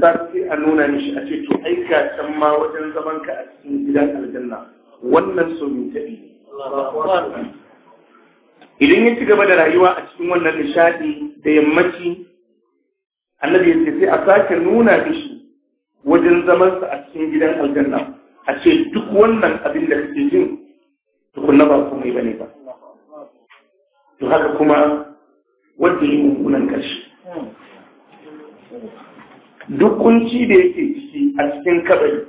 da sai a nuna mishi a ce to ai ka can ma wajen zaman ka a cikin gidan aljanna wannan so idan ya ci gaba da rayuwa a cikin wannan nishadi da yammaci annabi ya ce sai a sake nuna mishi wajen zaman sa a cikin gidan aljanna a ce duk wannan abin da kake jin tukunna ba komai bane ba to haka kuma wanda yi mummunan karshe duk kunci da yake ciki a cikin kabari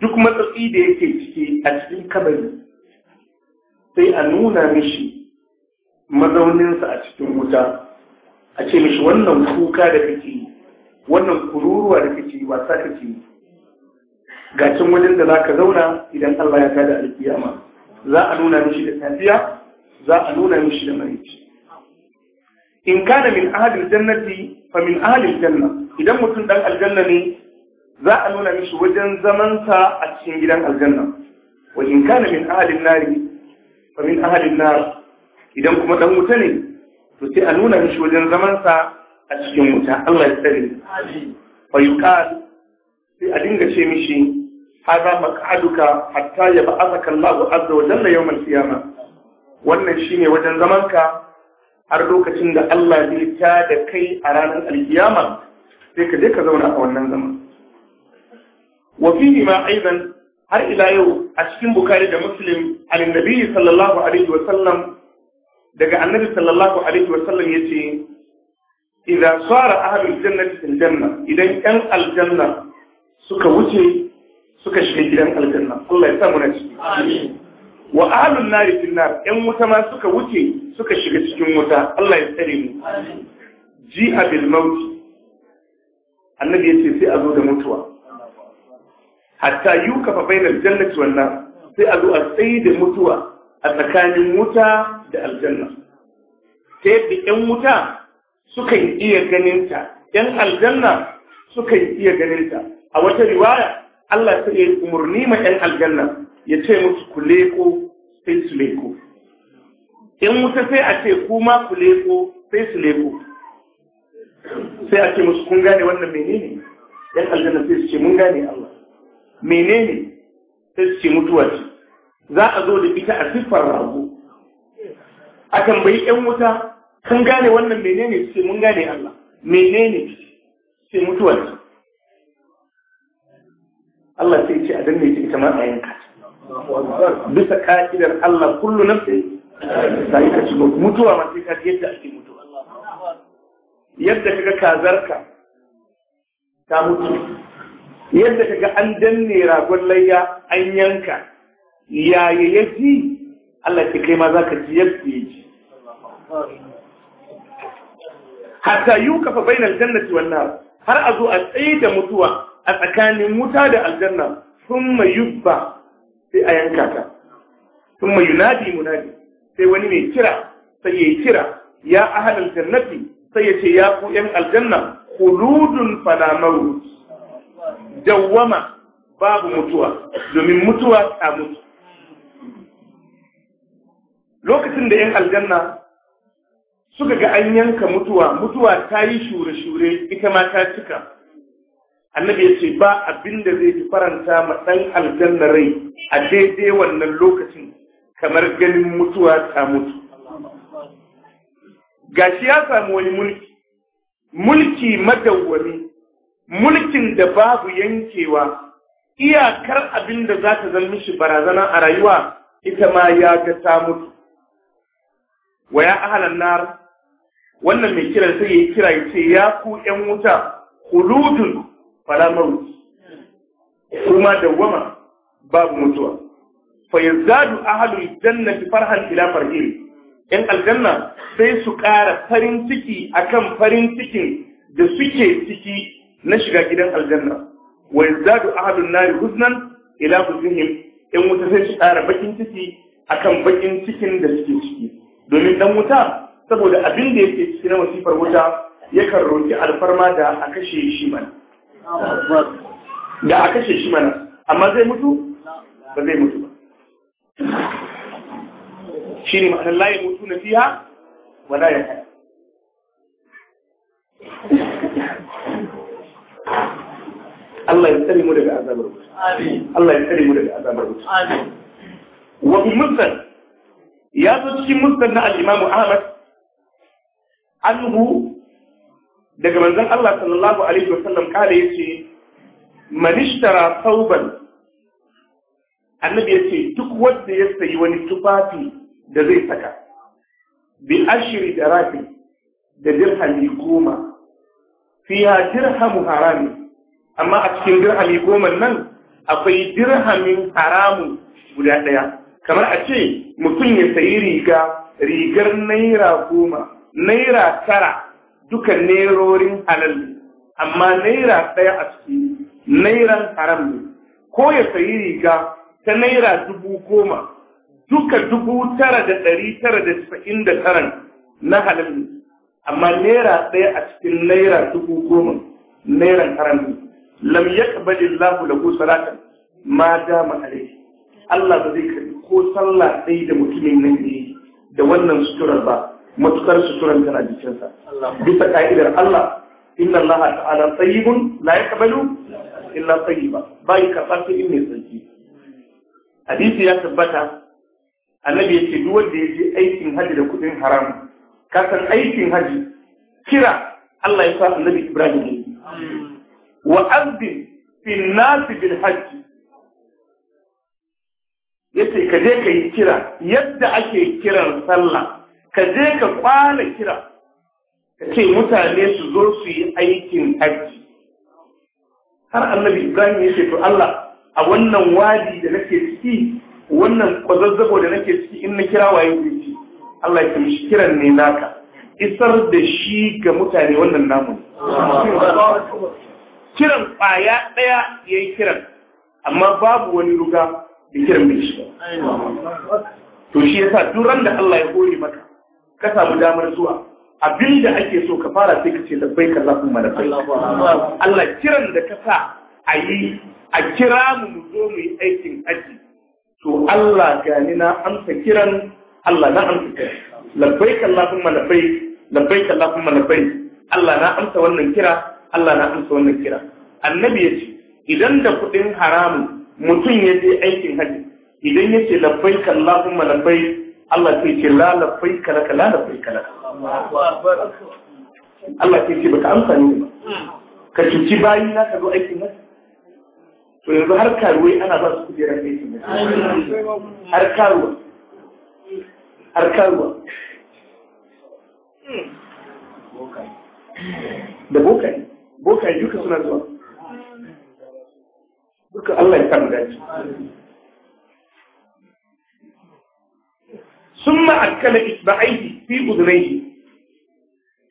duk matsatsi da yake ciki a cikin kabari sai a nuna mishi mazauninsa a cikin wuta a ce mishi wannan kuka da kake wannan kururuwa da kake wasa kake ga cin wajen da zaka zauna idan Allah ya tada alkiyama za a nuna mishi da safiya za a nuna mishi da marici in kana min ahli jannati fa min ahli janna idan mutum ɗan aljanna ne za a nuna mishi wajen zamansa a cikin gidan aljanna wa in kana min ahalin nari fa min ahalin nar idan kuma ɗan wuta ne to sai a nuna mishi wajen zamansa a cikin wuta Allah ya tsare fa yuqal sai a dinga ce mishi hadha maq'aduka hatta yab'athaka Allahu azza wa jalla yawm al-qiyamah wannan shine wajen zamanka har lokacin da Allah zai ta da kai a ranar alkiyama sai ka je ka zauna a wannan zaman wa fihi ma aidan har ila yau a cikin bukari da muslim annabi sallallahu alaihi wa sallam daga annabi sallallahu alaihi wa sallam yace idza sara ahlul jannati fil janna idan yan aljanna suka wuce suka shiga gidan aljanna Allah ya sa mu na ciki amin wa ahlun nari fil nar yan wuta ma suka wuce suka shiga cikin wuta Allah ya tsare mu Ji'a abil mauti annabi ce sai a zo da mutuwa hatta yukafa bainal jannati wan nar sai a zo a tsayi da mutuwa a tsakanin wuta da aljanna ta yadda 'yan wuta suka iya ganinta 'yan aljanna suka iya ganinta a wata riwaya Allah ta yi umarni ma 'yan aljanna ya ce musu ku leko sai su leko 'yan wuta sai a ce kuma ku leko sai su leko sai ake musu kun gane wannan menene yan aljanna sai su ce mun gane Allah menene sai su ce mutuwa ce za a zo da ita a siffar rago a tambayi yan wuta kun gane wannan menene su ce mun gane Allah menene sai mutuwa ce Allah sai ce a danne ce ita ma a yanka bisa ka'idar Allah kullu nafsi sai ka ci mutuwa ma sai ka yadda ake yadda kaga kazarka ta mutu yadda ka ga an danne ragon layya an yanka yaya ya ji Allah ke kai ma za ka ji yadda ya ji hatta yi kafa bainal jannati wannan har a zo a tsaye da mutuwa a tsakanin wuta da aljanna sun mai yubba sai a yanka ta sun mai yunadi munadi sai wani mai kira sai ya kira ya ahalal jannati sai ya ce ya ku ‘yan aljanna kuludun fala maut dawwama babu mutuwa domin mutuwa ta mutu lokacin da ‘yan aljanna suka ga an yanka mutuwa mutuwa ta yi shure-shure ita ma ta cika annabi ya ce ba abin da zai fi faranta ma ɗan aljanna rai a daidai wannan lokacin kamar ganin mutuwa ta mutu Ga shi ya samu wani mulki mulki madawwami mulkin da babu yankewa iyakar abin da za ta zama mishi barazana a rayuwa ita ma ya ga ta mutu wa ya ahalan nar wannan mai kiran sai ya kira ya ce ya ku ƴan wuta khuludun fala maut kuma dawwama babu mutuwa fa yazadu ahlul jannati farhan ila farhin ‘yan aljanna sai su ƙara farin ciki a kan farin cikin da suke ciki na shiga gidan aljanna wa yazdadu ahlun nari huznan ila huzihim ɗan wuta sai su ƙara bakin ciki a kan bakin cikin da suke ciki domin ɗan wuta saboda abin da yake ciki na masifar wuta yakan roƙi alfarma da a kashe shi mana da a kashe shi mana amma zai mutu ba zai mutu ba shine ma'anar la yamutuna fiha wa la yahya Allah ya tsare mu daga azabar mutu. amin Allah ya tsare mu daga azabar wuta amin wa ya zo cikin musnad na al-Imam Ahmad anhu daga manzon Allah sallallahu alaihi wasallam kale ya ce Manishtara sauban. annabi ya ce duk wanda ya sayi wani tufafi da zai saka bi ashiri da rafi da dirhami goma fiya dirhamu harami amma a cikin dirhami goma nan akwai dirhamin haramun guda ɗaya kamar a ce mutum ya sayi riga rigar naira goma naira tara duka nerorin halal amma naira ɗaya a ciki nairan haram ne ko ya sayi riga ta naira dubu goma duka dubu tara da ɗari tara da casa'in da taran na halin amma naira ɗaya a cikin naira dubu goma nairan haram ne lam yaqbal Allahu salatan ma dama alayhi Allah ba zai karbi ko sallah ɗaya da mutumin nan ne da wannan suturar ba matukar suturar tana jikinsa bisa ka'idar Allah inna Allah ta'ala tayyibun la yaqbalu illa tayyiba bai karɓar sai in ne hadisi ya tabbata annabi yake ce duk wanda ya je aikin haji da kudin haram ka san aikin haji kira Allah ya sa annabi Ibrahim ne wa azbin fi nasi bil haji yace ka je ka yi kira yadda ake kiran sallah ka je ka kwana kira ka ce mutane su zo su yi aikin haji har annabi Ibrahim ya ce to Allah a wannan wadi da nake ciki wannan kwazazzabo da nake ciki in na kira wayan kuci Allah ya kamshi kiran ne naka isar da shi ga mutane wannan namu kiran kwaya ɗaya ya yi kiran amma babu wani ruga da kiran mai shi to shi yasa duran da Allah ya koyi maka ka samu damar zuwa abin da ake so ka fara sai ka ce bai ka zafin ma Allah kiran da ka sa a yi a kira mu mu zo mu yi Allah gani na amsa kiran Allah na amsa kiran labbai kallafin malabai labbai kallafin malabai Allah na amsa wannan kira Allah na amsa wannan kira annabi ya ce idan da kuɗin haramun mutum ya je aikin haji idan ya ce labbai kallafin malabai Allah sai ce la labbai laka la labbai laka Allah sai ce baka amsa ni ba hmm. ka cuci bayi na ka zo aikin haji to yanzu har karuwai ana ba su kujerar aiki har karuwa har karuwa da bokai bokai duka suna zuwa duka Allah ya samu dace Sun akkala isba'aihi fi udunaihi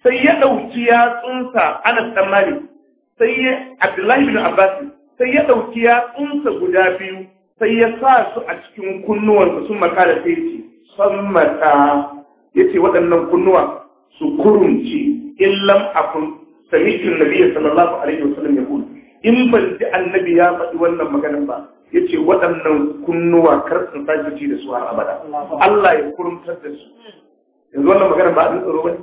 sai ya ɗauki yatsunsa ana tsammani sai ya Abdullahi bin Abbas sai ya ɗauki yatsunsa guda biyu sai ya sa su a cikin kunnuwansa sun makala sai ce sun mata ya ce waɗannan kunnuwa su kurunci illam akun sami'in nabiya sallallahu alaihi wa sallam ya kuma in ban ji annabi ya faɗi wannan maganin ba ya ce waɗannan kunnuwa kar sun sake ci da su har abada Allah ya kurumtar da su yanzu wannan maganar ba abin tsaro ba ne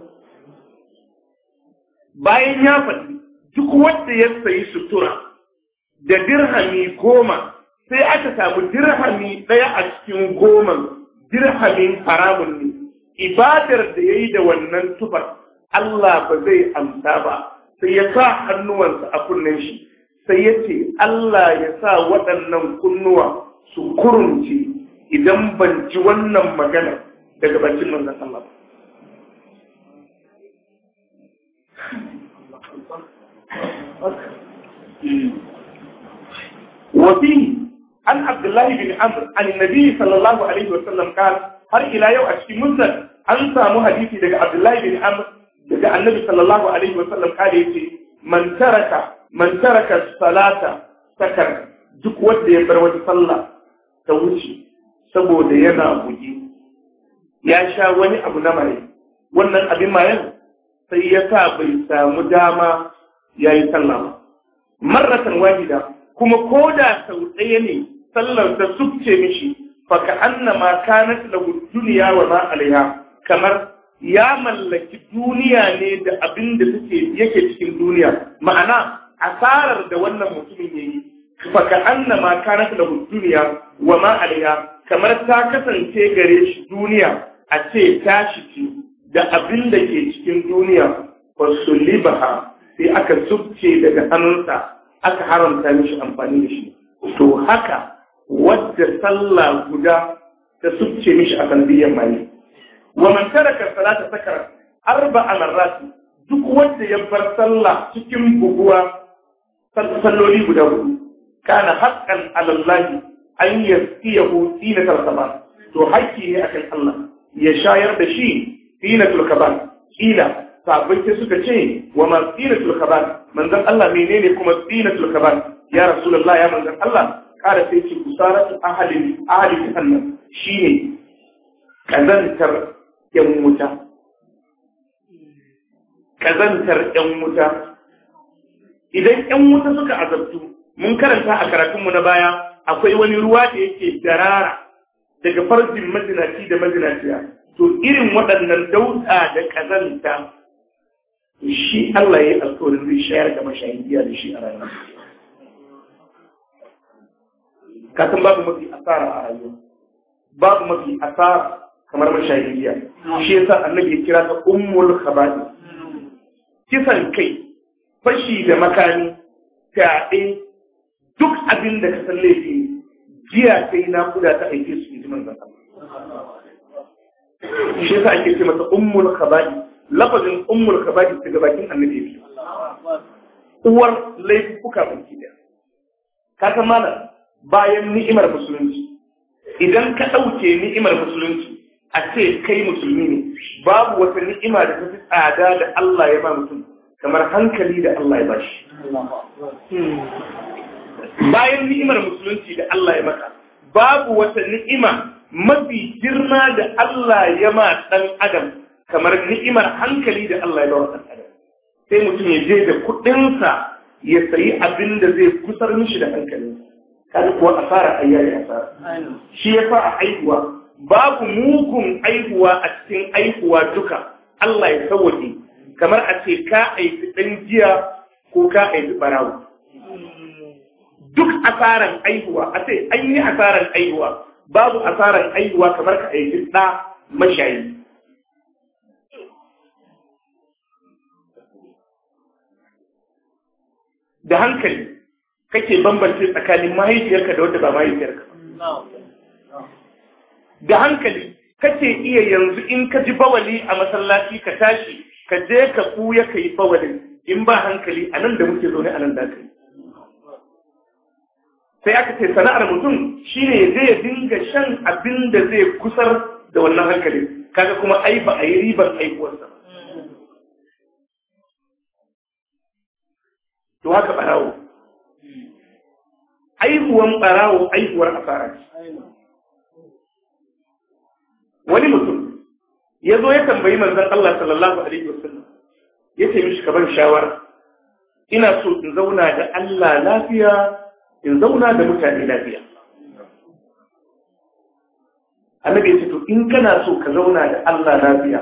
bayan ya faɗi duk wanda ya sayi sutura da dirhami goma sai aka samu dirhami ɗaya a cikin goman dirhamin haramun ne ibadar da ya yi da wannan tubar, Allah ba zai amsa ba sai ya sa hannuwansa a kunnen shi sai ya ce Allah ya sa waɗannan kunnuwa su kurunce idan ban ji wannan magana daga bakin nan Allah ba. وفيه عن عبد الله بن عمرو عن النبي صلى الله عليه وسلم قال هل إلى يوم أشكي مسلم أن سامو حديثي دقى عبد الله بن عمرو دقى النبي صلى الله عليه وسلم قال يتي من ترك من ترك الصلاة سكر duk wanda ya bar wata sallah ta wuce saboda yana buji ya sha wani abu na maye wannan abin mayan sai ya sa bai samu dama ya yi sallah ba marratan wahida kuma ko da sau ɗaya ne sallar ta subce mishi faka ka anna ma kanat lahu duniya wa ma kamar ya mallaki duniya ne da abin da suke yake cikin duniya ma'ana asarar da wannan mutumin yayi yi. faka anna ma kanat lahu duniya wa ma kamar ta kasance gare shi duniya a ce ta shi da abin da ke cikin duniya fa sulibaha sai aka subce daga hannunsa aka haramta mishi amfani da shi to haka wanda sallah guda ta subce mishi a sanadiyyar mani wa man taraka salata sakara arba'a marrati duk wanda ya bar sallah cikin buguwa salloli guda hudu kana haqqan ala Allah an yasqiyahu sinatal kaban to hakki ne akan Allah ya shayar da shi sinatul kaban kila sahabbai suka ce wa ma tsinatul khabar manzon Allah menene kuma tsinatul khabar ya rasulullahi ya manzon Allah kada sai ce kusaratu ahli ahli jahannam shine kazantar yan wuta kazantar yan wuta idan yan wuta suka azabtu mun karanta a karatunmu na baya akwai wani ruwa da yake darara daga farjin mazinaci da mazinaciya to irin waɗannan dauda da kazanta shi Allah ya yi alkawarin zai shayar da mashayin da shi a rayuwa. Kasan babu mafi asara a rayuwa, babu mafi asara kamar mashayin giya. Shi sa annabi ya kira ta ummul khaba'i. Kisan kai, fashi da makani, fyaɗe, duk abin da ka san laifi giya sai na kuda ta aike su yi jiman manzon Shi ya sa ake ce mata ummul khaba'i. lafazin ummul khabaji daga bakin annabi yake uwar laifuka baki da ka san mana bayan ni'imar musulunci idan ka ɗauke ni'imar musulunci a ce kai musulmi ne babu wata ni'ima da ta fi tsada da Allah ya ba mutum kamar hankali da Allah ya bashi hmm. bayan ni'imar musulunci da Allah ya maka babu wata ni'ima mafi girma da Allah ya ma ɗan adam kamar ni'imar hankali da Allah ya lura da adam sai mutum ya je da kuɗinsa ya sayi abin da zai kusar mishi da hankali Kada kuwa asara ayyayi asara shi ya fa a babu mugun aihuwa a cikin aihuwa duka Allah ya sauwaje kamar a ce ka aiki dan jiya ko ka aiki ɓarawo duk asaran aihuwa a ce an yi asaran aihuwa babu asaran aihuwa kamar ka aiki ɗa mashayi da hankali kake bambance tsakanin mahaifiyarka da wadda ba mahaifiyarka da hankali kake iya yanzu in ka ji bawali a masallaci ka tashi ka je ka kuya ka yi bawalin in ba hankali a nan da muke zaune a nan da kai sai aka ce sana'ar mutum shine ya je ya dinga shan abin da zai kusar da wannan hankali kaga kuma ai ba a yi ribar aikuwarsa ba to haka barawo aihuwan barawo aihuwar asara wani mutum ya zo ya tambayi manzan Allah sallallahu alaihi wasallam ya ce mishi kaban shawara ina so in zauna da Allah lafiya in zauna da mutane lafiya annabi ya ce to in kana so ka zauna da Allah lafiya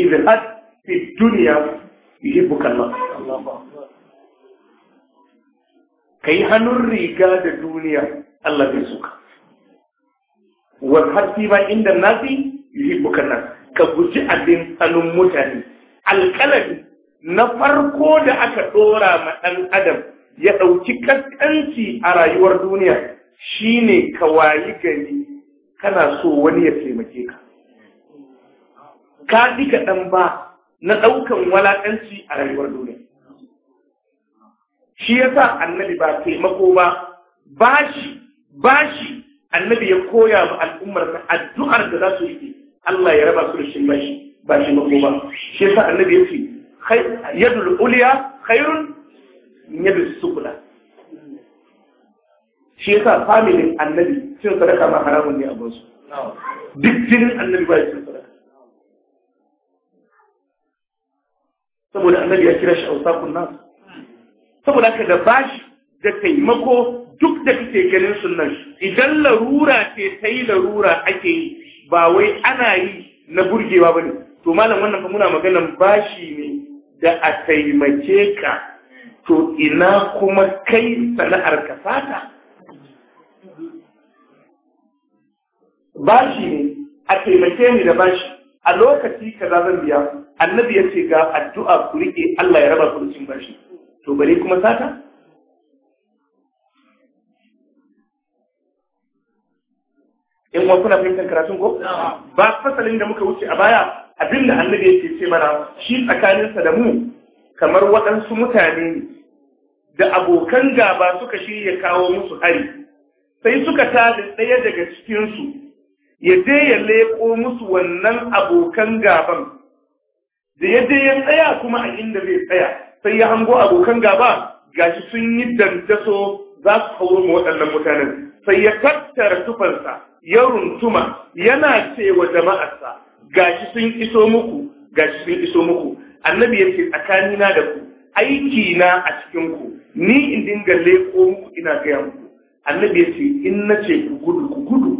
idan fi duniya yuhibbuka Allah ka yi hannun riga da duniya Allah zai suka wasu ba inda nasi yi bukan nan ka guji abin hannun mutane alƙalami na farko da aka ɗora ma ɗan adam ya ɗauki kaskanci a rayuwar duniya shine ka wayi gari kana so wani ya taimake ka ka ɗi kaɗan ba na ɗaukan walaƙanci a rayuwar duniya shi ya sa annabi ba taimako ba bashi bashi annabi ya koya ma al'ummar sa addu'ar da za su yi Allah ya raba su da shi bashi ba shi mako ba shi ya sa annabi ya ce yadul uliya khairun yadul sukula shi ya sa familin annabi cin sadaka ma haramun ne a gunsu duk jinin annabi ba ya cin sadaka saboda annabi ya kira shi a ausakun nasu saboda ka da bashi da taimako duk da kake ganin sunan idan larura ce ta yi larura ake yi ba wai ana yi na burgewa ba ne to malam wannan fa muna maganan bashi ne da a taimake ka to ina kuma kai sana'ar ka fata bashi ne a taimake ni da bashi a lokaci kaza zan biya annabi ya ce ga addu'a ku rike Allah ya raba ku cikin bashi to bare kuma sata in wa kuna fahimtar karatun ko ba fasalin da muka wuce a baya abin da annabi yake ce mana shi tsakaninsa da mu kamar waɗansu mutane da abokan gaba suka shirya kawo musu hari sai suka da ɗaya daga cikinsu ya je ya leƙo musu wannan abokan gaban da ya je ya tsaya kuma a inda zai tsaya sai ya hango abokan gaba gashi sun yi dantaso za su hauro ma waɗannan mutanen sai ya tattara tufansa ya runtuma yana ce wa jama'arsa gashi sun iso muku gashi sun iso muku annabi ya ce tsakanina da ku aiki na a cikin ku ni in dinga leko muku ina gaya muku annabi ya ce in na ce ku gudu ku gudu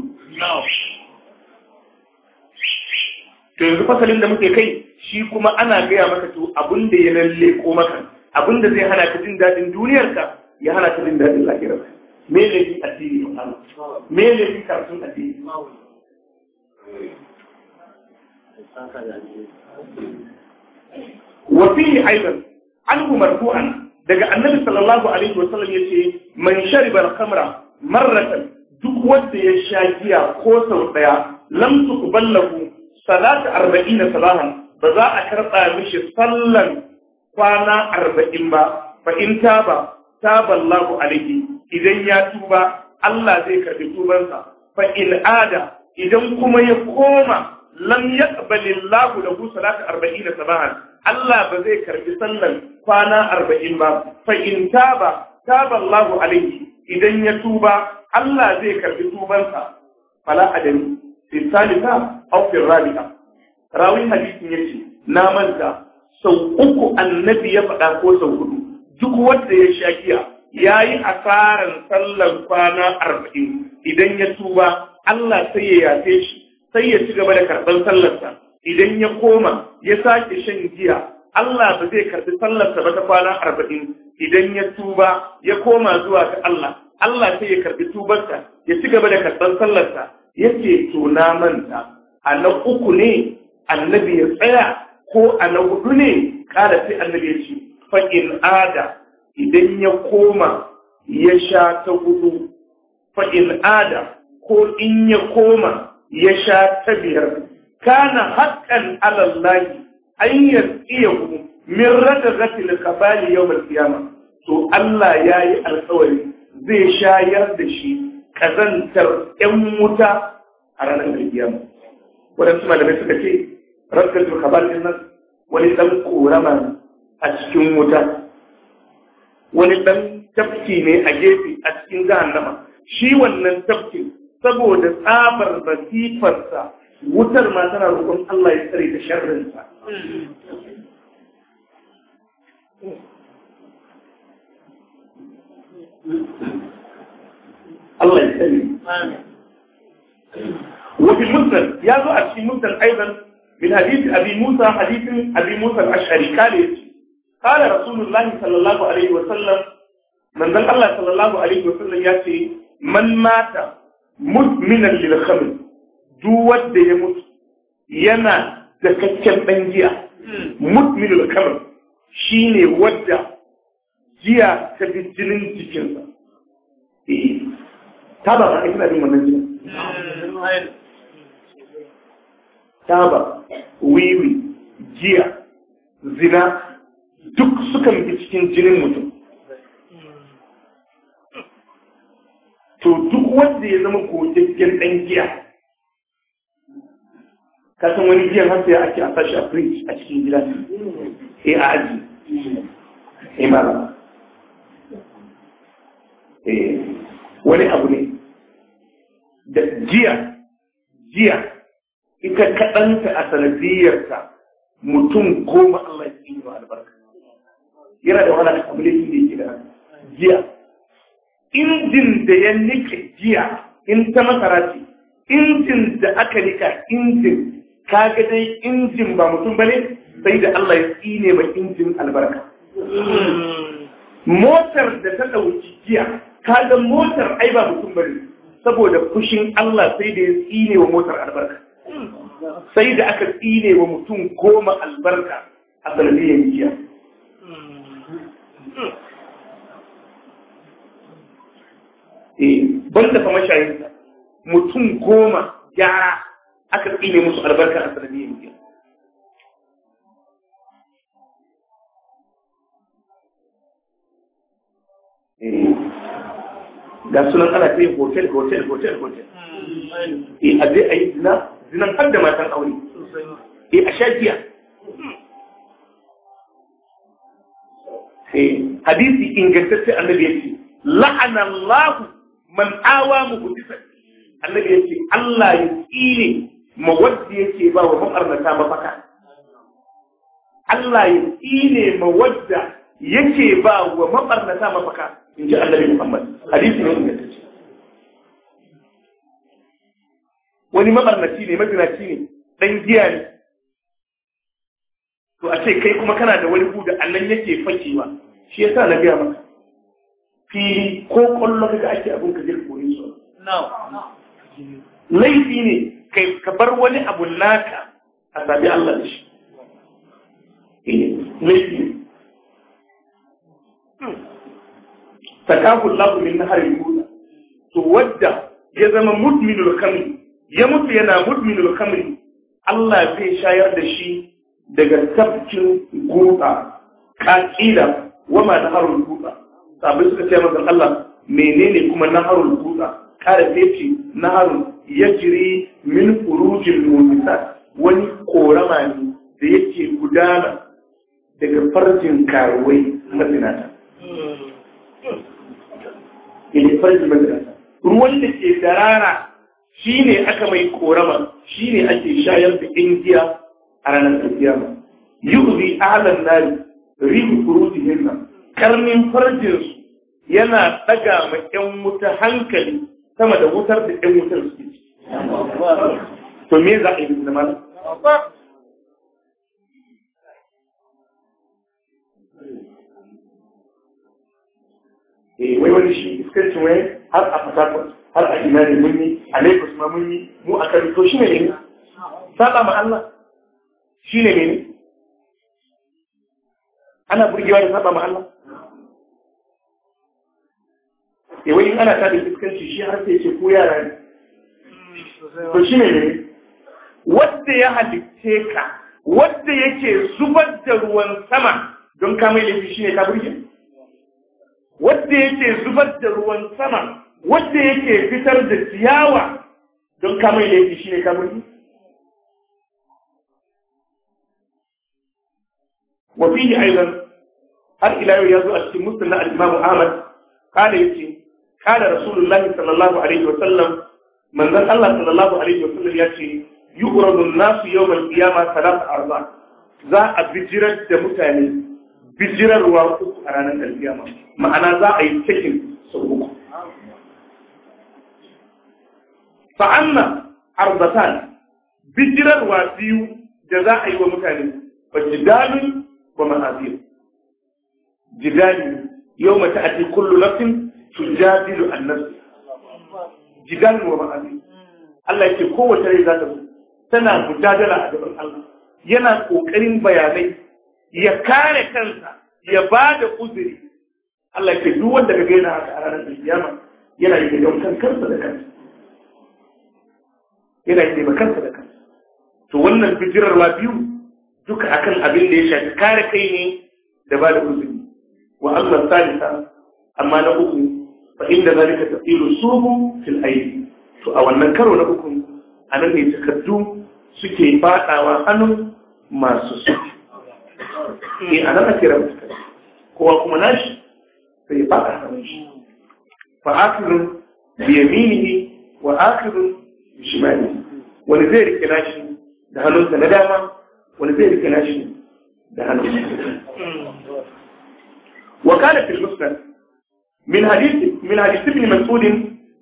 to yanzu fasalin da muke kai shi kuma ana gaya maka to abin da ya lalle ko maka abin da zai hana ka jin daɗin duniyarka ya hana ka jin daɗin lafiyarka me ne shi addini me ne shi karatun addini وفيه aidan anhu marfu'an daga annabi sallallahu alaihi wa sallam yace man shariba al-khamra marratan duk wanda ya sha giya ko sau daya lam tuqballahu salatu arba'ina salahan ba za a karɓa mishi sallan kwana arba'in ba fa in taba taba Allahu alaihi idan ya tuba Allah zai karbi tubansa fa in ada idan kuma ya koma lam yaqbali Allahu lahu salatu arba'ina sabahan Allah ba zai karbi sallan kwana arba'in ba fa in taba taba Allahu alaihi idan ya tuba Allah zai karbi tubansa fala adami fi salisa aw fi rabi'a rawi hadisin ce, na manta sau uku annabi ya faɗa ko sau huɗu. duk wanda ya sha giya yayi asaran sallar kwana arba'in idan ya tuba Allah sai ya yafe shi sai ya ci gaba da karɓar sallarsa idan ya koma ya sake shan giya Allah ba zai karɓi sallarsa ba ta kwana arba'in idan ya tuba ya koma zuwa ga Allah Allah sai ya karɓi tubarsa ya ci gaba da karɓar sallarsa Ya ce to na manta a na uku ne annabi ya tsaya ko a na hudu ne kada sai annabi ya ce fa ada idan ya koma ya sha ta hudu fa ada ko in ya koma ya sha ta biyar kana haƙƙan alallahi an yi ku. min radagatil kabali yau yawmal qiyamah to Allah ya yi alkawari zai shayar da shi kazantar ‘yan wuta a ranar da waɗansu malamai suka ce raskatul khabar din nan wani ɗan korama a cikin wuta wani ɗan tafki ne a gefe a cikin jahannama shi wannan tafkin saboda tsabar basifarsa wutar ma tana roƙon Allah ya tsare da sharrinsa Allah ya tsare وفي المسند يا ذو أشي مسند أيضا من حديث أبي موسى حديث أبي موسى الأشعري قال قال رسول الله صلى الله عليه وسلم من ذل الله صلى الله عليه وسلم يأتي من مات مؤمنا للخمر دو ود يموت ينا دكتشن بنجيا مؤمن للخمر شيني ود جيا تبجلن جيكنسا تابع ابن أبي منجيا taba wiwi jiya, zina duk sukan bi cikin jinin mutum to duk wanda ya zama gogaggen ɗan giya kasan san wani giyan har sai ake a sashi a fridge a cikin gida eh a aji eh ba eh, wani abu ne da jiya jiya ita kaɗanta a sanadiyarsa mutum goma Allah ya yi wa albarka yana da wani kamulin da yake da jiya injin da ya nike jiya in ta masara ce injin da aka nika injin ka ga dai injin ba mutum bane sai da Allah ya tsine ma injin albarka motar da ta ɗauki jiya ka ga motar ai ba mutum bane saboda fushin Allah sai da ya tsine wa motar albarka sai da aka tsine wa mutum goma albarka a sanadiyyar giya eh, banda fa mashayinsa mutum goma gyara aka tsine musu albarka a sanadiyyar giya eh, ga sunan ana ta hotel hotel hotel hotel hmm. eh, a je a yi zina zinan har da matan aure eh a shafiya eh, hadisi ingantacce annabi yake la'ana Allah man awa muhdisa annabi yake Allah ya tsire yake ba wa mafaka Allah ya tsire wadda yake ba wa mabarnata mafaka in ji annabi Muhammad hadisi ne ingantacce wani mabarnaci ne mazinaci ne dan giya ne to a ce kai kuma kana da wani buda Allah yake fakewa shi yasa na gaya maka fi ko kullu kaga ake abin ka jirka so su laifi ne kai ka bar wani abu naka a sabi Allah da shi eh, laifi ne lahu min nahari yuda to wadda ya zama mudminul khamr ya mutu yana mudminul khamri Allah zai shayar da shi daga tafkin guta ƙaƙila wa ma naharul guta sabu suka ce masa Allah menene kuma naharul gurba kare fece naharul yajri min furujil mu'minat wani korama ne da yake gudana daga farjin karuwai mazinata hmm. ruwan da ke darara shi ne aka mai korama shi ne ake shayar da indiya a ranar alkiyama na ahlan nari kuruti furujihinna karnin farjinsu yana ɗaga ma 'yan wuta hankali sama da wutar da 'yan wutar su ke To me za a yi da mana? Eh, wai wani shi iskancin wai har a fatakon har a ina ne mun yi a lagos ma mun yi mu a kan to shi ne ne saba ma Allah shi ne ne ana burgewa da saba ma Allah ya eh, wani ana ta da fuskanci shi har sai ce ko yara ne to shi ne ne wanda ya halitte ka wanda yake zubar da ruwan sama don kamar laifi shi ne ta burge wanda yake zubar da ruwan sama wadda yake fitar da ciyawa don kamar da yake shi ne kamar yi? Wafi yi aizan, har ilayu ya zo a cikin musulun al’imamu Ahmad, kada yake, kada Rasulullah sallallahu Alaihi wasallam, manzan Allah sallallahu Alaihi wasallam ya ce, yi uradun nasu yau mai kiyama talata arba, za a bijirar da mutane, bijirarwa uku a ranar da ma'ana za a yi cikin sau fa amma arbatan bijirarwa biyu da za a yi wa mutane fa jidalun wa ma'azir jidali yau mata a kullu nafsin tujadilu an nafsi jidalun wa ma'azir Allah yake kowace rai za ta tana mujadala a gaban Allah yana kokarin bayanai ya kare kansa ya ba da uzuri Allah yake duk wanda kaga gaina haka a ranar kiyama yana yi da kansa da kansa yana yi ma da kansa to wannan bijirarwa biyu duka akan abin da ya shafi kare kai ne da ba da uzuri wa amma salisa amma na uku fa inda zalika tafilu subu fil ayi to a wannan karo na uku nan ne takaddu suke fadawa hannun masu su eh anan ake rabu kowa kuma nashi sai ya fada hannun shi fa akirun biyaminihi wa akirun ma shimali wani zai rike nashi da hannunsa na dama wani zai rike nashi da hannunsa wa kana fil musnad min hadith min hadith ibn mas'ud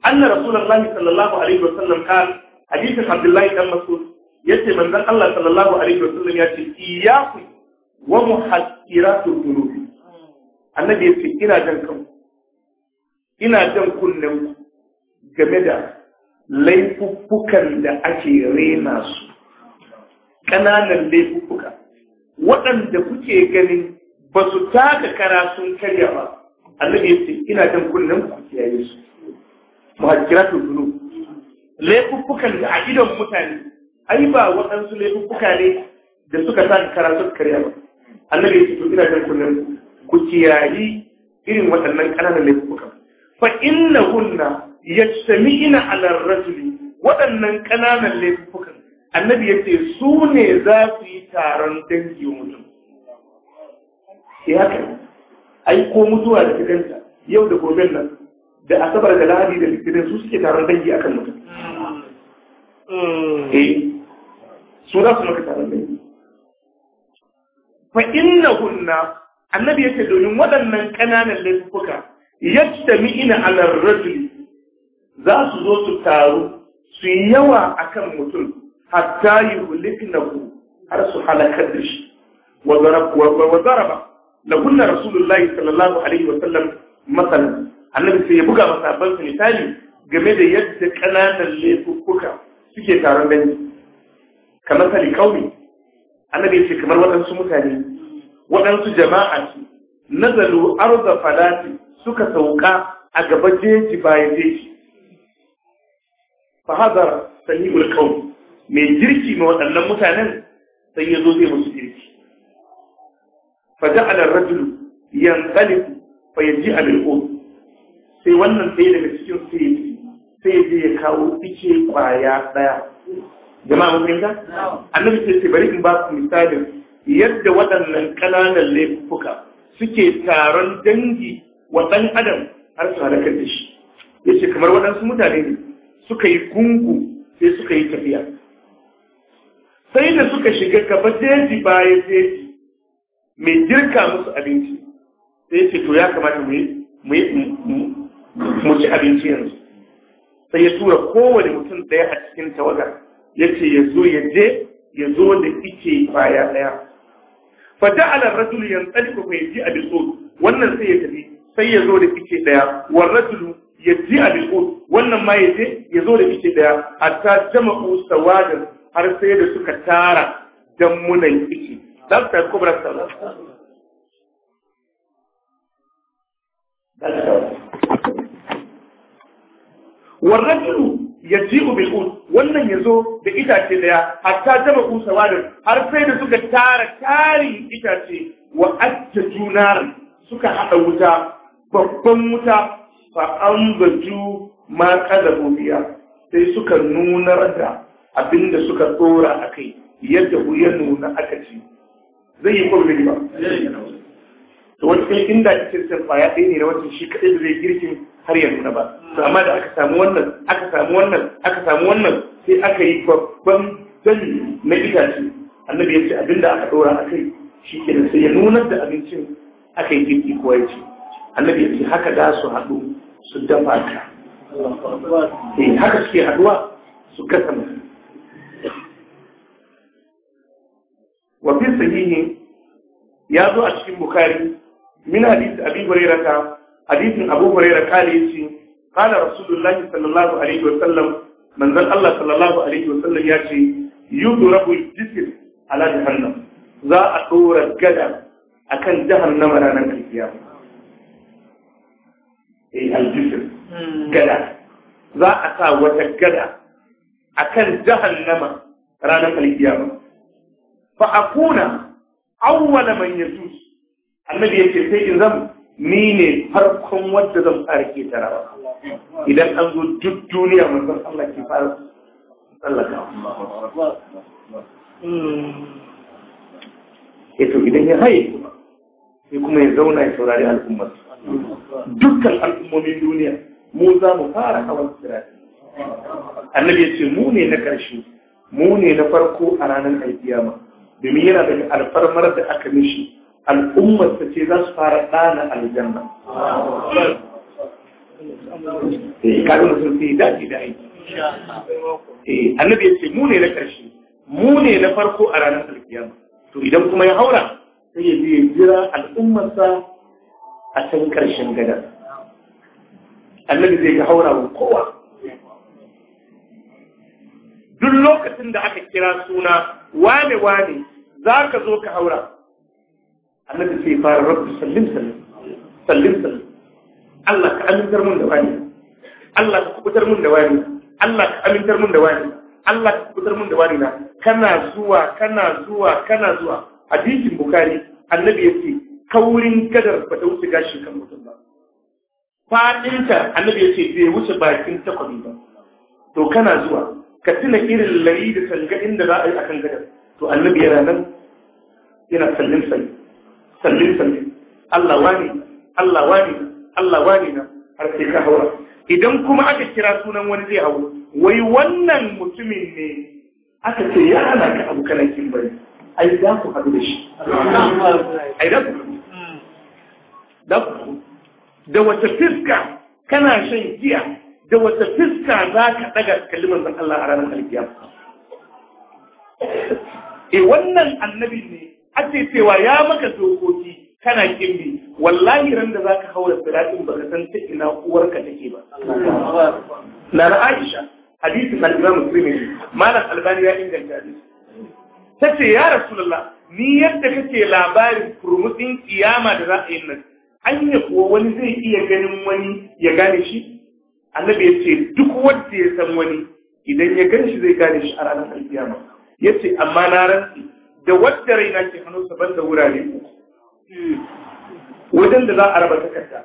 anna rasulullah sallallahu alaihi wa sallam qala hadith abdullah dan mas'ud yace manzon Allah sallallahu alaihi wa sallam yace iyyakum wa muhaqqiratud dhunub annabi yace ina jan kan ina jan kunnen game da laifuffukan da ake rena su ƙananan laifuffuka waɗanda kuke ganin ba su taka kara sun karya ba annabi yace ina jan kunnen ku kiyaye su muhajjiratul dunu laifuffukan da a gidan mutane ai ba waɗansu laifuffuka ne da suka taka kara sun karya ba annabi yace to ina jan kunnen ku kiyayi irin waɗannan ƙananan laifuffukan fa innahunna yajtami'ina ala rajuli waɗannan ƙananan laifukan annabi yace su ne za su yi taron dangi mutum sai haka ai ko mutuwa da gidanta yau da goben nan da asabar da lahadi da litinin su suke taron dangi akan mutum hmm. eh su za su maka taron dangi fa innahunna annabi yace domin waɗannan ƙananan laifuka yajtami'ina ala rajuli za su zo su taru su yi yawa a kan mutum hatta yi yuhlikunahu har su halakar da shi wa zaraba lahunna rasulullahi sallallahu alaihi wa sallam masalan annabi sai ya buga masabban misali game da yadda ƙananan laifukuka suke taron dangi kamar sali kaumi annabi ce kamar waɗansu mutane waɗansu jama'a ce nazalu arza falati suka sauka a gaba jeji bayan jeji fahadar sahibul qaum mai jirki ma waɗannan mutanen sai ya zo zai musu jirki fa ja'ala ar yan yanqalib fa yaji'a bil sai wannan sai daga cikin sai sai je ya kawo fice ƙwaya ɗaya. jama'a mun ga annabi sai sai bari in ba ku misalin yadda waɗannan ƙananan laifuka suke taron dangi wa ɗan adam har su halakar da shi yace kamar waɗansu mutane ne suka yi gungu sai suka yi tafiya sai da suka shiga gaba jeji baya jeji mai girka musu abinci sai ce to ya kamata mu mu ci abinci yanzu sai ya tura kowane mutum ɗaya a cikin tawaga ya ce ya zo ya je ya zo da ike baya ɗaya fata ala rajul yanzu tsali ko ji a wannan sai ya tafi sai ya zo da ike ɗaya wa rajul ya ji a wannan ma ya je ya zo da ice daya hatta jama'u sawadin har sai da suka tara dammunan ice za su kubra ya ji itace daya har sai da suka tara tarin itace wa suka haɗa wuta babban wuta fa an batu ma kada biya sai suka nunar da abinda suka tsora akai yadda ya nuna aka ci zai yi ko bai ba to wata kai inda kike san ya ɗaya ne na wancan shi kadai da zai girkin har ya nuna ba amma da aka samu wannan aka samu wannan aka samu wannan sai aka yi babban dan na itace annabi ya ce abinda aka dora akai shi kenan sai ya nunar da abincin aka yi girki ko ya ce annabi ya ce haka da su haɗu su dafa ta eh, haka suke haduwa su kasa mutum wa sahihi ya zo a cikin bukari min hadith abi hurairah hadithin abu hurairah kale yace qala rasulullahi sallallahu alaihi wa sallam manzon Allah sallallahu alaihi wa sallam yace yudrabu al-jisr ala jahannam za a dora gada akan jahannama ranar kiyama Eh, hmm. gada za a sa wata gada a kan jahannama ranar alkiyama fa akuna awwala man yasus annabi yace sai in zama ni ne farkon wanda zan fara ke tarawa idan an zo duk duniya manzon Allah ke fara tsallaka hmm. eto eh, idan ya haye kuma sai kuma ya zauna ya saurari al'ummar dukkan al'ummomin duniya mu za mu fara hawan sirari. annabi ya ce mu ne na ƙarshe mu ne na farko a ranar alkiyama domin yana da alfarmar da aka mishi al'ummar ta ce za su fara ɗana aljanna eh, kaɗin mutum sai daji da aiki eh, annabi ya ce mu ne na ƙarshe mu ne na farko a ranar alkiyama to idan kuma ya haura sai ya jira al'ummarsa a can ƙarshen gadar annabi zai ga wa kowa duk lokacin da aka kira suna wane wane za ka zo ka haura annabi sai fara rabu sallim sallim sallim sallim Allah ka amintar mun da wani Allah ka kubutar mun da wani Allah ka amintar mun da wani Allah ka kubutar mun da wani na kana zuwa kana zuwa kana zuwa hadisin bukari annabi ya ce kaurin gadar ba ta wuce gashin kan mutum ba fadinta annabi ya ce bai wuce bakin takwami ba to kana zuwa ka tuna irin layi da tanga inda za a yi akan gadar to annabi yana nan yana sallin sallin sallin sallin Allah wani Allah wani Allah wani na har sai ka haura idan kuma aka kira sunan wani zai hau. wai wannan mutumin ne aka ce ya hana ka abu kana kin bari za ku haɗu da shi za ku da wata fiska kana shan giya da wata fiska za ka daga kalimar san Allah a ranar alkiyama e wannan annabi ne ake cewa ya maka dokoki kana kimbi wallahi ran da hau da siratin baka san ta ina uwarka take ba na Aisha hadisi na Imam Muslim malam Albani ya inganta hadisi ta ce ya rasulullah ni yadda kake labarin kurmutsin kiyama da za a yi nan an yi kuwa wani zai iya ganin wani ya gane shi annabi ya ce duk wanda ya san wani idan ya gan shi zai gane shi a ranar alkiyama ya ce amma na rantsi da wadda na ke hannu saban da wurare wajen da za a raba takarda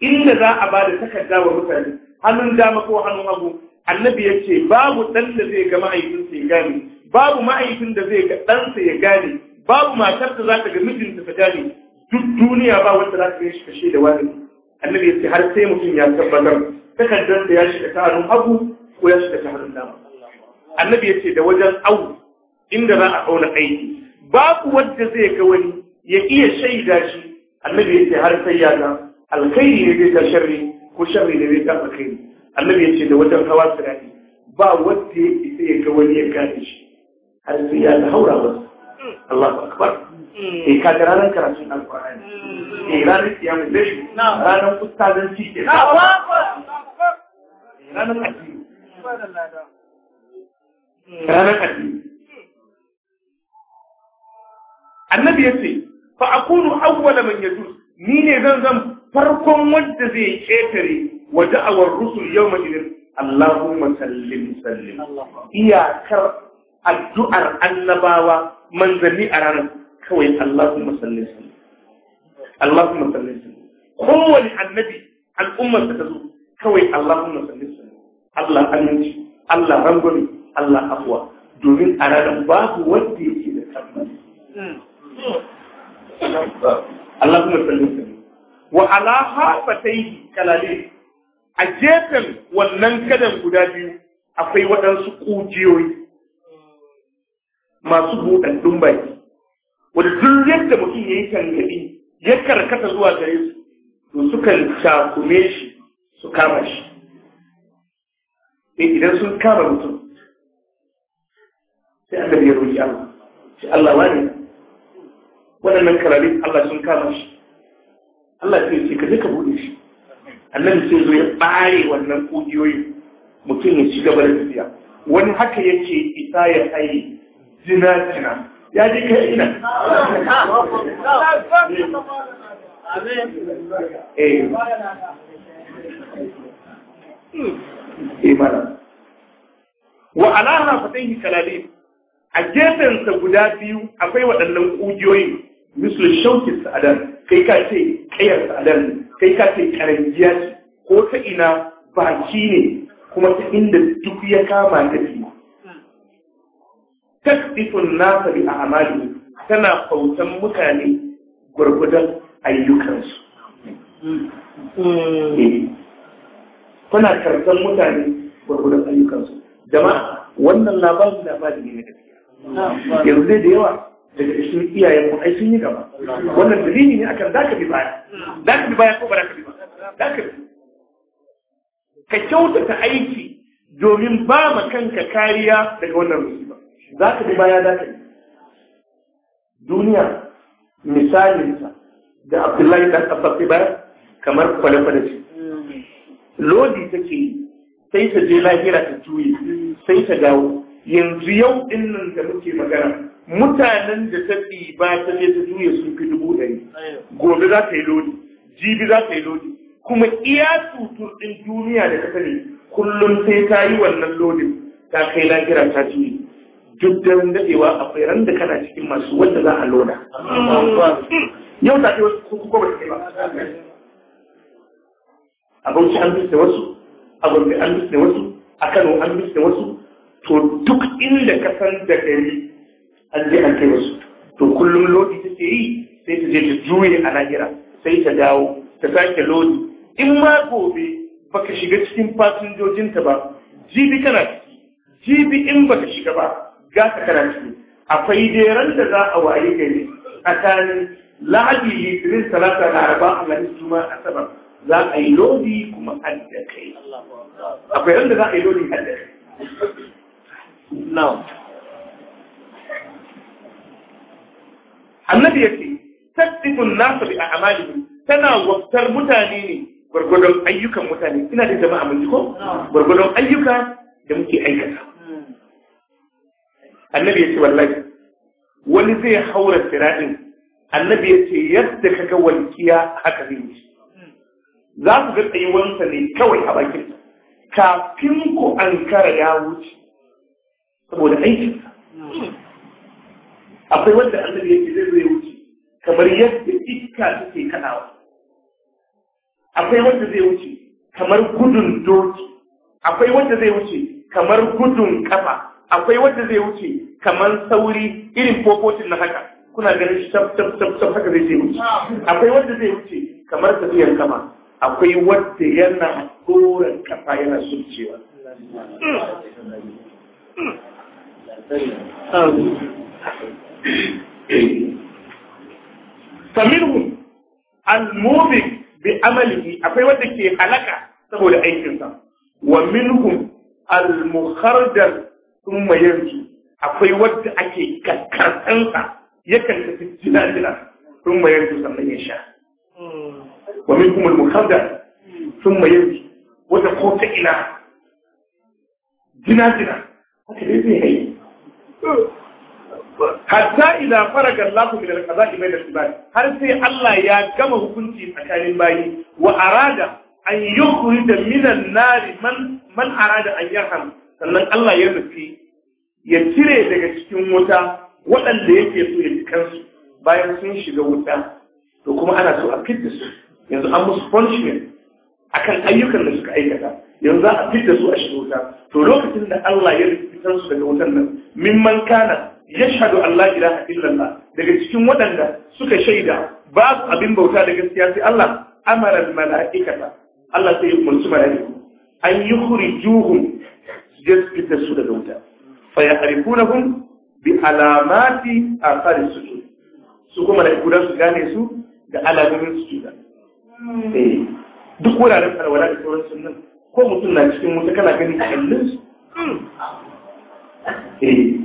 inda za a ba da takarda wa mutane hannun dama ko hannun hagu annabi ya ce babu ɗan da zai ga ma'aikinsa ya gane babu ma'aikin da zai ga ɗansa ya gane babu matar da za ta ga mijinta ta gane duk duniya ba wanda za ta yi shi kashe da wani annabi ya ce har sai mutum ya tabbatar takardar da ya shiga ta hannun hagu ko ya shiga ta hannun dama annabi ya ce da wajen au inda za a auna aiki babu wanda zai ga wani ya iya shaida shi annabi ya ce har sai ya ga alkhairi ne zai ta sharri ko sharri ne zai ta alkhairi annabi ya ce da wajen hawa sirati ba wanda ya isa ya ga wani ya gane shi har sai ya haura masa mm. Allahu akbar eh ka ga ranar karatu na Qur'ani eh mm. ranar kiyamu da shi ranar ustazan ci ke ranar addini ranar addini annabi ya ce fa akunu awwala man yajuz ni ne zan zan farkon wanda zai ketare wa da'awar rusul yawma idin Allahumma sallim sallim iyakar addu'ar annabawa manzanni a ranar kawai Allahumma salli salli Allahumma salli salli kowane annabi al'ummar ta zo kawai Allahumma salli salli Allah aminci Allah rangwame Allah afuwa domin a ranar babu wanda yake da tabbas Allahumma salli salli wa ala hafatai kalale a gefen wannan kadan guda biyu akwai waɗansu ƙujiyoyi masu buɗaɗɗun baki wadda duk yadda mutum ya yi tangaɗi ya karkata zuwa gare su to sukan cakume shi su kama shi sai eh, idan sun kama mutum sai annabi ya roƙi Allah shi Allah wani waɗannan karare Allah sun kama shi Allah sai ce ka je ka buɗe shi ne sai zo ya ɓare wannan ƙugiyoyin mutum ya ci gaba da tafiya wani haka yake isa ya haye sinakina ya ji kai ina eh. Eh, wa alaha fataihi kalalin a gefensa guda biyu akwai waɗannan ƙugiyoyin misal shaukin sa'adar kai ka ce ƙayar sa'adar kai ka ce karangiya ko ta ina baki ne kuma ta inda duk ya kama tafi tasdifun nasa bi a'mali tana kautan mutane gurgudan ayyukansu tana karsan mutane gurgudan ayyukansu jama'a wannan labarin labari ne na gaskiya yanzu dai da yawa daga cikin iyayen mu ai sun yi gaba wannan dalili ne akan zaka bi baya zaka bi baya ko ba zaka bi ba zaka bi ka kyautata aiki domin ba ma kanka kariya daga wannan musiba za ka bi baya za ka yi duniya misalinsa da abdullahi dan asafi ba kamar kwale-kwale ce lodi take yi sai ta je lahira ta juye sai ta dawo yanzu yau dinnan da muke magana mutanen da ta ba ta je ta juye sun fi dubu ɗari gobe za ta yi lodi jibi za ta yi lodi kuma iya tutur ɗin duniya da ta sani kullum sai ta yi wannan lodin ta kai lahira ta juye duk daɗewa dadewa akwai ran da kana cikin masu wanda za a lona yau ta ce wasu ko ba ta ba a bauchi an bisne wasu a gombe an bisne wasu a kano an bisne wasu to duk inda ka san da gari an je an kai wasu to kullum lodi ta ce yi sai ta je ta juye a lahira sai ta dawo ta sake lodi in ma gobe baka shiga cikin fasinjojinta ba jibi kana ciki jibi in baka shiga ba ga ka karanci akwai deran da za a waye gari tsakanin lahadi litinin talata laraba alhamis a asabar za a yi lodi kuma an da kai akwai ran da za a yi lodi an da kai now annabi yake tasdifun nasu bi a'malihim tana waktar mutane ne gwargwadon ayyukan mutane ina da jama'a mai ko gwargwadon ayyuka da muke aikata annabi ya ce wallahi wani zai haura siratin annabi ya ce yadda kaga walƙiya haka zai yi za su ga tsayuwansa ne kawai a bakin kafin ku kara ya wuce saboda aikinsa akwai wanda annabi ce zai zai wuce kamar yadda iska take kanawa akwai wanda zai wuce kamar gudun doki akwai wanda zai wuce kamar gudun kafa akwai wanda zai wuce kamar sauri irin popotin na haka kuna ganin shaf tab tab tab tab haka zai wuce akwai wanda zai wuce kamar tafiyar kama akwai wanda yana goran kafa yana sulcewa faminhu al-mubin bi amalihi akwai wanda ke halaka saboda aikinsa wa minhum al-mukharjar sun mayarci akwai wadda ake karkarsansa yakan tafi jina-jina sun mayarci sannan ya sha. Wa min kuma mukaddar sun mayarci wata ko ta ina jina-jina haka dai zai yi. Hatta ila faraga Allah min al-qaza'i bayna al-ibad har sai Allah ya gama hukunci tsakanin bayi wa arada an yi min da minan man man arada an yarham sannan Allah ya nufi ya cire daga cikin wuta waɗanda yake so ya kansu bayan sun shiga wuta to kuma ana so a fidda su yanzu an musu punishment akan ayyukan da suka aikata yanzu a fitta su a shiga wuta to lokacin da Allah ya fitar su daga wutan nan mimman kana ya an allah ilaha illallah daga cikin waɗanda suka shaida ba su abin bauta da gaskiya sai Allah amara mala'ikata Allah sai ya umarci mala'iku an yukhrijuhum su je su su daga wuta fa ya'rifunahum bi alamati athari sujud su kuma da gudan su gane su da alamomin sujuda eh duk wuraren farwala da sauran sunan ko mutum na cikin wuta kana gani kallon su eh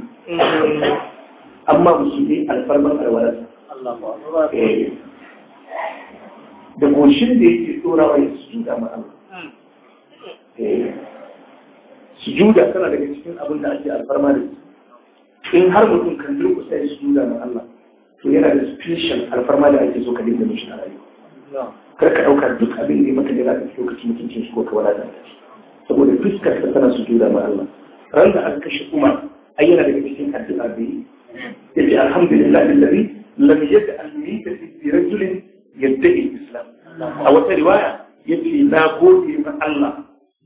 amma musulmi alfarman farwala eh da goshin da yake tsorawa ya su da ma'amma sujuda tana daga cikin abin da ake alfarma da shi in har mutum kan durƙusa ya sujuda ma Allah to yana da special alfarma da ake so ka dinga mishi a rayuwa kar ka ɗauka duk abin da ya maka yana da lokacin mutuncin shi ko ka wadata saboda fuskar ta tana sujuda ma Allah ran da aka kashe Umar ai yana daga cikin addu'a da yi yace alhamdulillah alladhi lam yaj'al mita fi rajulin yadda'i islam a wata riwaya yace na gode ma Allah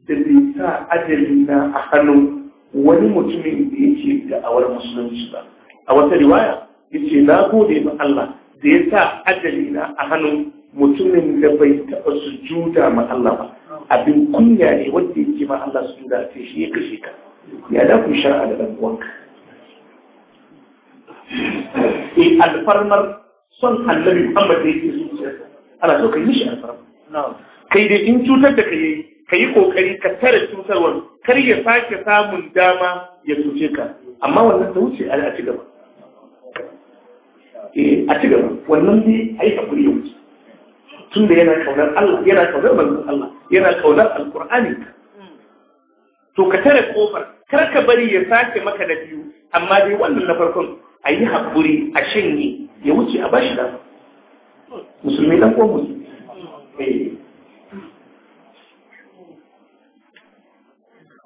da bai sa ajali na a hannun wani mutumin da yake da'awar musulunci ba a wata riwaya yace na gode ma Allah da ya sa ajali na a hannun mutumin da bai taɓa sujuda ma Allah ba abin kunya ne wanda yake ma Allah sujuda sai shi ya kashe ka ya da ku shar'a da dan uwanka e alfarmar son annabi Muhammad da yake zuciyarsa ana so ka yi shi alfarma kai dai in cutar da ka yi. ka yi ƙoƙari, ka tare cutarwar kar ya sake samun dama ya cuce ka amma wannan ta wuce a ci gaba eh, a ci gaba wannan ne a yi hakuri ya wuce tun da yana kaunar Allah yana kaunar manzon Allah yana kaunar Alƙur'ani. to ka tare ƙofar, kar ka bari ya sake maka da biyu amma dai wannan na farkon a yi haƙuri, a shanye ya wuce a ba shi dama musulmi na ko musulmi eh.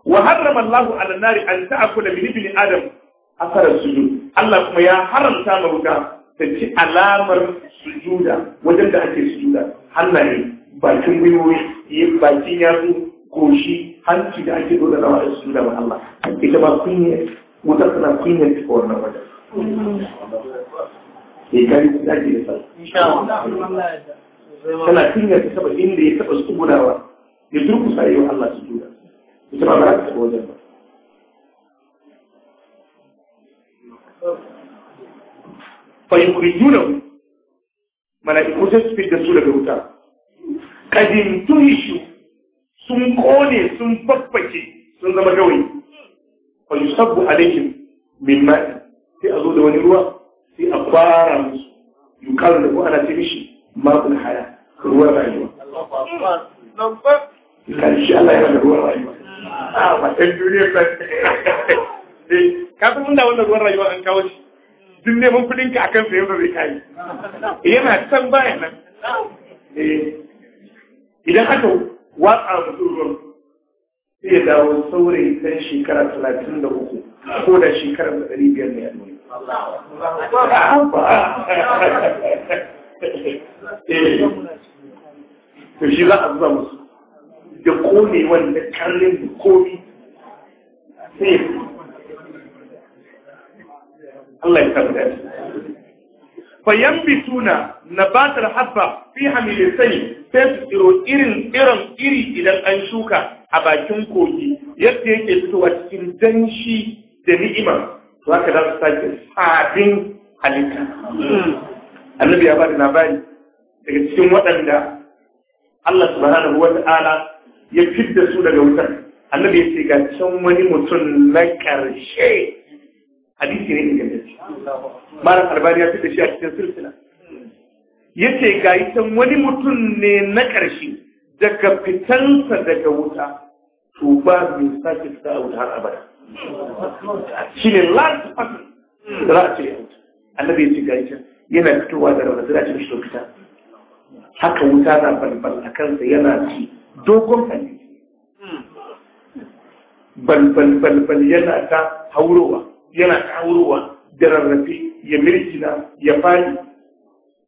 wa harrama Allahu ala nari an ta'kula min ibni adam asara sujud Allah kuma ya haramta ma wuta ta ci alamar sujuda wajen da ake sujuda hannaye bakin gwiwoyi yin bakin yatsu goshi hanci da ake dole rawa da sujuda wa Allah ita ba kunye wuta tana kunye wannan wajen eh, tana kunye ta saba inda ya taba tsugunawa ya durkusa yi wa Allah sujuda ita ba za ta shiga wajen mala'iku sai su fitar su daga wuta kadin tuhishu sun kone sun babbake sun zama gawayi fa yusabbu alaihim min ma'i sai a zo da wani ruwa sai a fara musu yukaru da ko ana mishi haya Allah ya a matan duniyar ba eh, ka san inda wannan ruwan rayuwa an kawo shi duk neman kuɗin ka akan sayan da zai kayi eh, yana can bayan nan eh, idan aka watsa mutum ruwan sai ya dawo saurayi ɗan shekara talatin da uku ko da shekara da ɗari biyar da a duniya. Ah, to shi za a zuba musu. da kone wanda karnin da komi sai Allah ya tabbata fayan bituna na batar habba fi hamilin sani sai su tsiro irin irin iri idan an shuka a bakin kogi yadda yake fitowa cikin danshi da ni'ima to haka za su sake sabin halitta annabi ya ba da labari daga cikin waɗanda Allah subhanahu wa ta'ala ya fidda su daga wutar annabi ya ce ga can wani mutum na ƙarshe hadisi ne ingantacce Mara albani ya da shi a cikin silsila ya ce ga can wani mutum ne na ƙarshe daga fitansa daga wuta to ba mai sake fita a wuta har abada shi ne last person da za a ce ya wuta annabi ya ce ga can yana fitowa da raunar zira ce shi fita haka wuta na balbal a kansa yana ci dogon hali, balbalbalbal yana ta haurowa yana ta haurowa da rarrafe ya mirgina ya fadi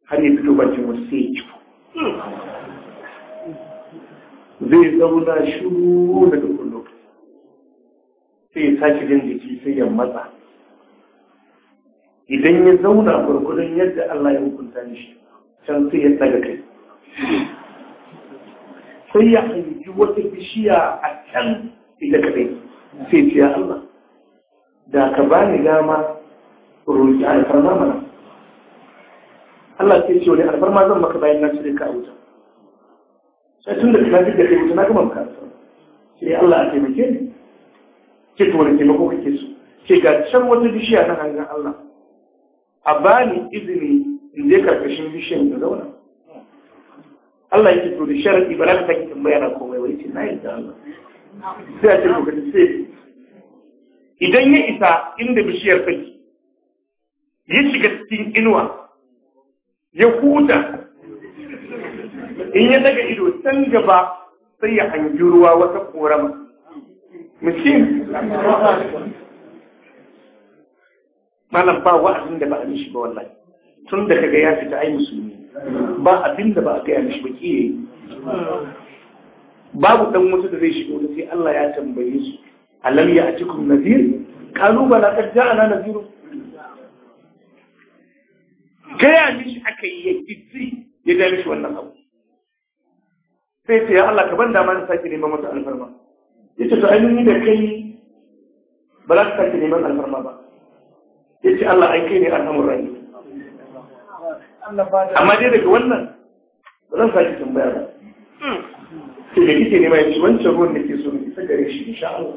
har ya fito bakin wasu sai ya kifo zai zauna shuru da dogon lokaci sai ya sake jin jiki sai ya matsa idan ya zauna gwargwadon yadda Allah ya hukunta shi can sai ya tsaga kai sai ya hangi wata bishiya a can ila kadai sai ce ya Allah da ka ba ni dama roƙi alfarma mana Allah sai ce wani alfarma zan maka bayan na cire ka a wuta sai tun da ka da kai wuta na gama maka sai Allah a taimake ni ce to wani taimako kake so ce ga can wata bishiya na hangen Allah a bani izini in je karkashin bishiyan da zauna Allah yake to da sharadi ba za ka sake tambaya na komai ba yace na yi da Allah sai a ce to kaji sai idan ya isa inda bishiyar take ya shiga cikin inuwa ya huta in ya daga ido can gaba sai ya hangi ruwa wata korama mutum malam ba wa'azin da ba a mishi ba wallahi tun da kaga ya fita ai musulmi ba abin da ba a gaya mishi ba kiye babu dan wasu da zai shigo da sai Allah ya tambaye su alam ya atikum nazir qalu bala qad ja'ana nazir gaya mishi aka yi yaki ya ga mishi wannan abu sai ce ya Allah ka ban dama na sake neman masa alfarma yace to ainihin da kai ba za ka sake neman alfarma ba yace Allah an kai ne alhamdulillah amma dai daga wannan ba zan sake tambaya ba hmm. sai da kike nema ya ci wancan ruwan da ke so ne isa gare shi insha Allah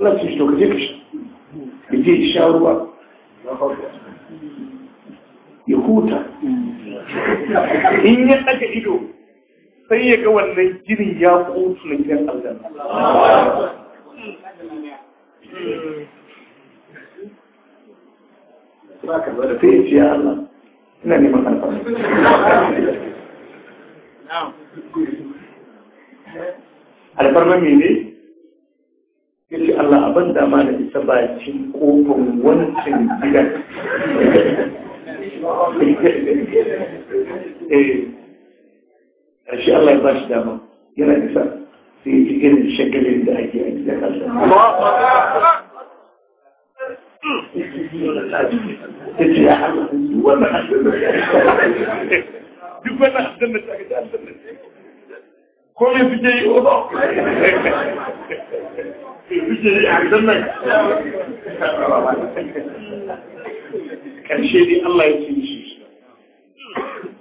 Allah ce shi to ka shi. ka sha ka je sha ruwa ya huta in ya ɗaga ido sai ya ga wannan jirin ya kutu na gidan aljanna sai ya ce ya Allah ina neman alfarma alfarma mene yake Allah abin da ma da isa bakin kofar wancan gida eh shi Allah ya bashi dama yana isa sai ya ji irin shagalin da ake a gidan Allah duk ta karshe dai Allah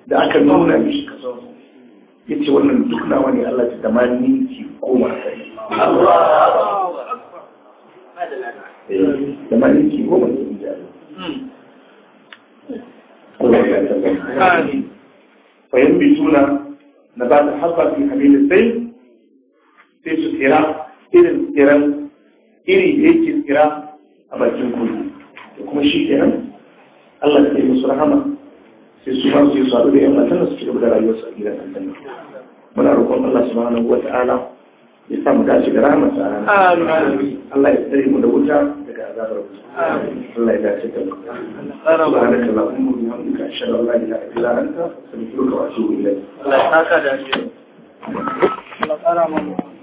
ya aka nuna mishi kaso ya ce wannan duk nawa ne Allah Allah da maliki goma ne fayan bi suna na ba ta haɓa fi hamilin sai sai su tsira irin tsiran iri da yake tsira a bakin kudu da kuma shi kenan Allah ta yi musu rahama sai su ma su yi sadu da yan matan su ci da rayuwarsu a gidan aljanna muna roƙon Allah subhanahu wa ta'ala ya samu dace da rahamarsa a Allah ya tsare mu da wuta daga Allah ya dace da